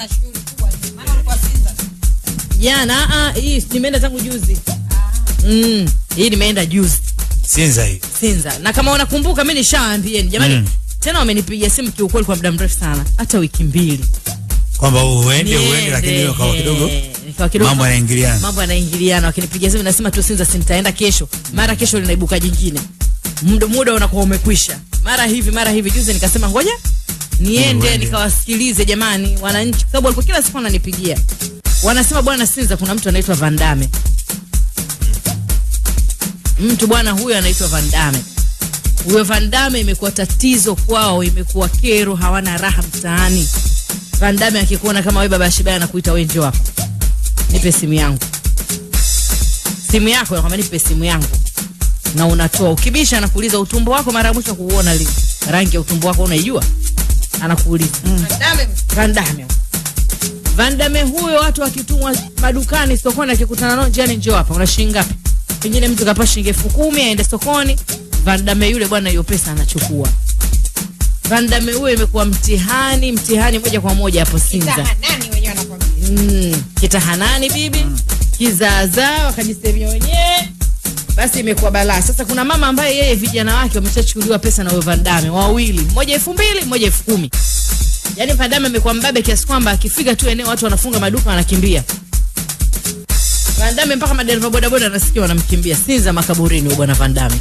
ana jana. Ah, hii nimeenda zangu juzi. Mm, hii nimeenda juzi Sinza hii. Sinza. Na kama unakumbuka mimi nishaambieni jamani mm. Tena wamenipigia simu kiukweli kwa muda mrefu sana, hata wiki mbili kwamba uende uende, lakini ukawa kidogo mambo yanaingiliana, mambo yanaingiliana. Wakinipigia simu nasema tu Sinza, sinitaenda kesho, mara kesho linaibuka jingine, muda muda unakuwa umekwisha, mara hivi mara hivi. Juzi nikasema ngoja niende nikawasikilize jamani wananchi, kwa sababu walikuwa kila siku wananipigia wanasema, bwana Sinza, kuna mtu anaitwa Vandame, mtu bwana huyo anaitwa Vandame. Huyo Vandame imekuwa tatizo kwao, imekuwa kero, hawana raha mtaani. Vandame akikuona kama wewe baba Shibaya anakuita wewe, njoo hapa, nipe simu yangu, simu yako, nakwambia nipe simu yangu na unatoa ukibisha, anakuuliza utumbo wako mara ya mwisho kuuona lini? Rangi ya utumbo wako unaijua? anakuuliza mm. Van Damme Van Damme huyo, watu wakitumwa madukani sokoni, akikutana nao njiani, njoo hapa, una shilingi ngapi? Pengine mtu kapa shilingi elfu kumi aende sokoni, Van Damme yule bwana, hiyo pesa anachukua. Van Damme huyo, imekuwa mtihani, mtihani moja kwa moja hapo Sinza. Kitahanani wenyewe wanakwambia, mm, kitahanani bibi, mm. kizaazaa wakajisemia wenyewe basi imekuwa balaa. Sasa kuna mama ambaye yeye vijana wake wameshachukuliwa pesa na Vandame wawili, moja elfu mbili moja elfu kumi Yaani Vandame amekuwa mbabe kiasi kwamba akifika tu eneo watu wanafunga maduka wanakimbia. Vandame mpaka madereva bodaboda anasikia wanamkimbia. Sinza makaburini bwana Vandame.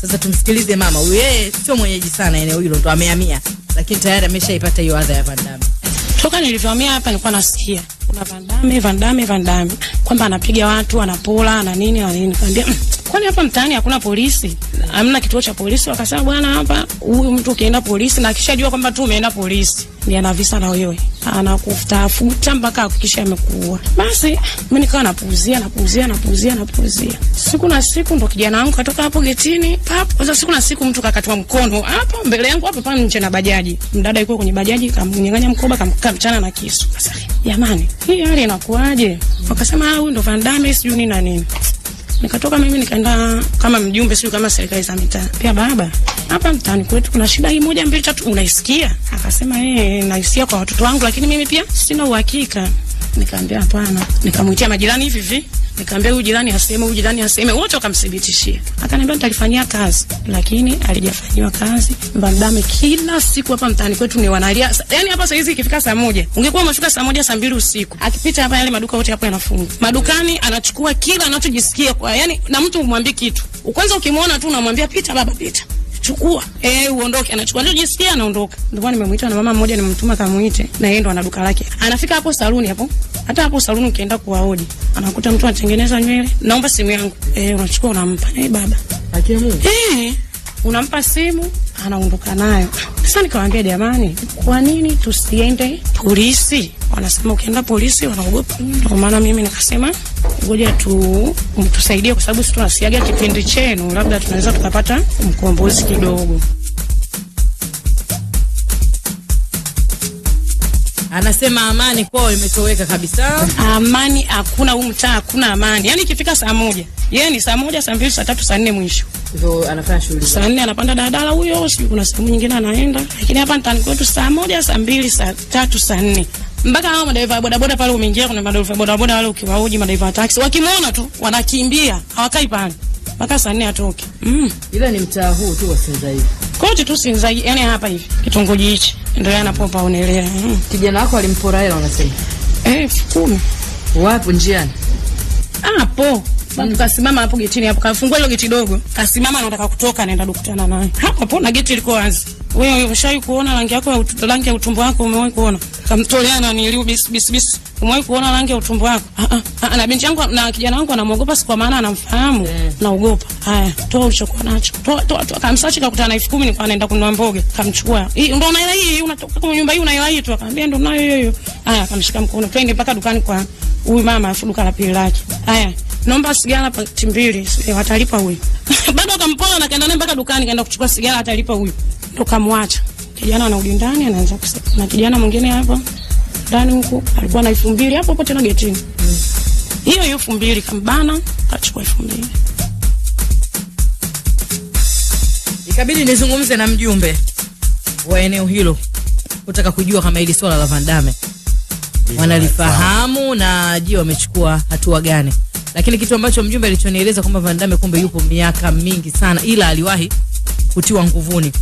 Sasa tumsikilize mama huyu, yeye sio mwenyeji sana eneo hilo, ndo amehamia, lakini tayari ameshaipata hiyo adha ya Vandame. Toka nilivyohamia hapa nilikuwa nasikia kuna Vandame Vandame Vandame kwamba anapiga watu, anapola na nini na nini, kaambia mm, kwani hapa mtaani hakuna polisi? Hamna kituo cha polisi? Wakasema bwana, hapa huyu mtu ukienda polisi na akishajua kwamba tu umeenda polisi ni ana visa na wewe, anakutafuta mpaka hakikisha amekuua. Basi mimi nikawa napuuzia napuuzia napuuzia napuuzia, siku na siku ndo kijana wangu katoka hapo getini pap. Kwanza siku na siku mtu kakatwa mkono hapo mbele yangu hapo pale nje na bajaji, mdada yuko kwenye bajaji, kamnyang'anya mkoba, kamkamchana na kisu. Sasa jamani, hii hali inakuaje? Wakasema ah, huyu ndo Vandame sijui nini na nini. Nikatoka mimi nikaenda kama mjumbe, sio kama serikali za mitaa. Pia baba, hapa mtaani kwetu kuna shida hii moja mbili tatu, unaisikia? Akasema yeye eh, naisikia kwa watoto wangu, lakini mimi pia sina uhakika. Nikaambia hapana, nikamwitia majirani hivi hivi Nikamwambia huyu jirani aseme, huyu jirani aseme, wote wakamthibitishia. Akaniambia nitalifanyia kazi, lakini alijafanyiwa kazi. Mbadame kila siku hapa mtaani kwetu ni wanalia. yani hapa saizi ikifika saa moja, ungekuwa umefika saa moja saa mbili usiku. Akipita hapa yale maduka yote hapo yanafungwa. Madukani anachukua kila anachojisikia kwa, yani na mtu umwambie kitu. Kwanza ukimwona tu unamwambia pita baba pita chukua eh, uondoke. Anachukua ndio jisikia, anaondoka. Ndio nimemuita na mama mmoja, nimemtuma kamuite, na yeye ndo ana duka lake. Anafika hapo saluni hapo, hata hapo saluni ukienda kwa hodi, anakuta mtu anatengeneza nywele, naomba simu yangu. Eh, unachukua unampa. Eh, baba akiamu eh, unampa simu anaondoka nayo. Sasa nikamwambia jamani, kwa nini tusiende polisi? Wanasema ukienda polisi wanaogopa. Ndio maana mimi nikasema ngoja tu mtusaidie, kwa sababu sisi tunasiaga kipindi chenu, labda tunaweza tukapata mkombozi kidogo. Anasema amani kwao imetoweka kabisa, amani hakuna, huu mtaa hakuna amani. Yani ikifika saa moja yeye ni saa moja, saa mbili, saa tatu, saa nne mwisho Hivyo anafanya shughuli. Saa nne anapanda daladala huyo, sijui kuna sehemu nyingine anaenda, lakini hapa mtaani kwetu saa moja, saa mbili, saa tatu, saa nne mpaka hao madereva wa bodaboda pale umeingia, kuna madereva wa bodaboda wale ukiwahoji, madereva wa taxi wakimwona tu wanakimbia, hawakai pale mpaka saa nne atoke. Mm. Ila ni mtaa huu tu wa Sinza hivi. Kote tu Sinza hivi, yani hapa hivi. Kitongoji hichi ndio yana popa unaelea. Mm. Kijana wako alimpora hela unasema? Eh, kumi. Wapo njiani? Hapo. Mm. Kasimama hapo getini hapo, kafungua hilo geti dogo. Kasimama nataka kutoka, naenda dukutana naye. hapo Hapo na geti liko wazi. Wewe ushawahi kuona rangi yako ya rangi ya utumbo wako umewahi kuona? kamtolea na niliu bis bis bis. Umewahi kuona rangi ya utumbo wako? Ah ah, ah, ah. na binti yangu na kijana wangu anamuogopa, si kwa maana anamfahamu, eh. naogopa. Haya, toa ulichokuwa nacho, toa toa toa. Kamsachi kakutana na elfu kumi nilikuwa naenda kununua mboga, kamchukua hii, ndio na hela hii, unatoka kwa nyumba hii una hela hii tu, akamwambia ndio nayo hiyo hiyo. Haya, kamshika mkono, twende mpaka dukani kwa huyu mama, afu duka la pili lake. Haya, naomba sigara pakiti mbili, watalipa huyu. Bado akampola na kaenda naye mpaka dukani, kaenda kuchukua sigara, atalipa huyu, ndo kamwacha kijana anarudi ndani, anaanza kusema na kijana mwingine hapa ndani huko alikuwa na elfu mbili hapo hapo tena getini hiyo hiyo elfu mbili kambana, kachukua elfu mbili ikabidi nizungumze na mjumbe wa eneo hilo kutaka kujua kama hili swala la Vandame wanalifahamu na je, wamechukua hatua gani. Lakini kitu ambacho mjumbe alichonieleza kwamba Vandame kumbe yupo miaka mingi sana, ila aliwahi kutiwa nguvuni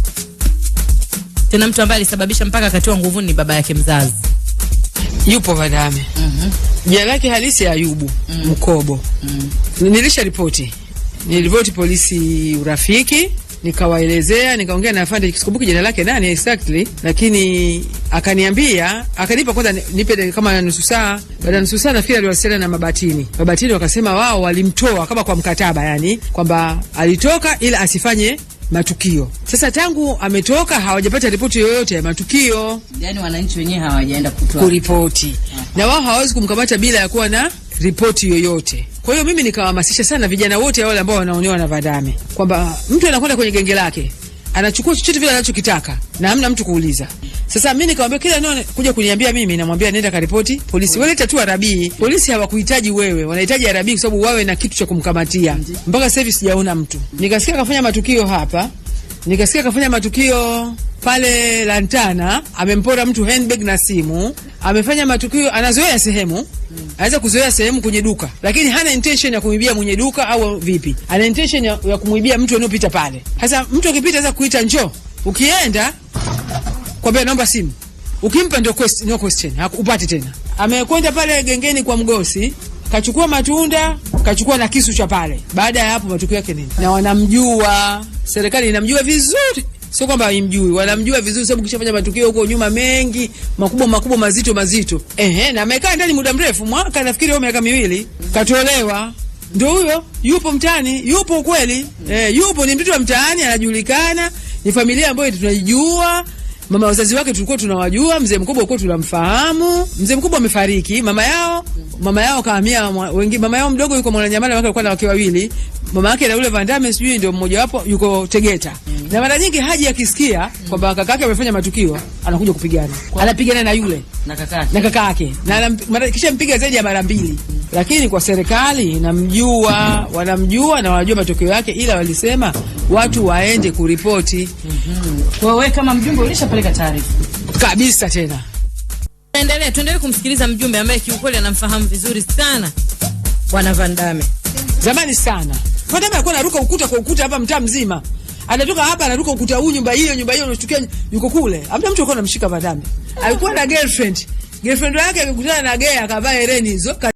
tena mtu ambaye alisababisha mpaka akatiwa nguvuni ni baba yake mzazi. Yupo Vadame. Mhm. Jina lake halisi Ayubu mm -hmm. Mkobo. Mm -hmm. Nilisha ripoti. Niliripoti polisi urafiki nikawaelezea, nikaongea na afande, sikumbuki jina lake nani exactly, lakini akaniambia, akanipa kwanza, nipe kama nusu saa. Baada nusu saa nafikiri aliwasiliana na Mabatini. Mabatini wakasema wao walimtoa kama kwa mkataba, yani kwamba alitoka ila asifanye matukio. Sasa tangu ametoka hawajapata ripoti yoyote ya matukio, yani wananchi wenyewe hawajaenda kutoa kuripoti, ah. na wao hawawezi kumkamata bila ya kuwa na ripoti yoyote. Kwa hiyo mimi nikawahamasisha sana vijana wote wale ambao wanaonewa na vadame kwamba mtu anakwenda kwenye genge lake anachukua chochote vile anachokitaka na hamna mtu kuuliza. Sasa mimi nikamwambia kila none kuja kuniambia mimi, namwambia nenda karipoti polisi. Wale tatu arabii, polisi hawakuhitaji wewe, wanahitaji arabii kwa sababu wawe na kitu cha kumkamatia. Mpaka sasa hivi sijaona mtu. Nikasikia akafanya matukio hapa nikasikia kafanya matukio pale Lantana, amempora mtu handbag na simu. Amefanya matukio, anazoea sehemu, anaweza kuzoea sehemu kwenye duka, lakini hana intention ya kumwibia mwenye duka au vipi, ana intention ya, ya kumwibia mtu anayopita pale. Sasa mtu akipita, anaweza kuita njo ukienda kwambia naomba simu, ukimpa ndio no question, tena. Amekwenda pale gengeni kwa mgosi kachukua matunda, kachukua na kisu cha pale. Baada ya hapo, matukio yake nini? Na wanamjua, serikali inamjua vizuri Sio kwamba haimjui, wanamjua vizuri, sababu kishafanya matukio huko nyuma mengi makubwa makubwa mazito mazito. Ehe, na amekaa ndani muda mrefu, mwaka nafikiri au miaka miwili, katolewa. Ndio huyo, yupo mtaani, yupo kweli. e, yupo, ni mtoto wa mtaani, anajulikana, ni familia ambayo tunaijua. Mama wazazi wake tulikuwa tunawajua, mzee mkubwa ulikuwa tunamfahamu. Mzee mkubwa amefariki, mama yao mama yao kahamia, wengi, mama yao mdogo yuko Mwananyamala, wake alikuwa na wake wawili, mama yake na yule Vandame sijui ndio mmoja wapo yuko Tegeta mm. na mara nyingi Haji akisikia mm. kwamba kaka yake amefanya matukio anakuja kupigana, anapigana na yule na kaka yake na kaka yake na kisha mpiga zaidi ya mara mbili mm. Lakini kwa serikali inamjua, wanamjua na wanajua matokeo yake, ila walisema watu waende kuripoti. mm -hmm. Wewe kama mjumbe ulishapeleka taarifa kabisa tena Tuendelee, tuendelee kumsikiliza mjumbe ambaye kiukweli anamfahamu vizuri sana Bwana Vandame. Zamani sana. Vandame alikuwa anaruka ukuta kwa ukuta hapa mtaa mzima. Anatoka hapa anaruka ukuta huu, nyumba hiyo, nyumba hiyo, anachukia yuko kule. Hamna mtu alikuwa anamshika Vandame, Alikuwa na girlfriend. Girlfriend yake alikutana na gay akavaa hereni hizo.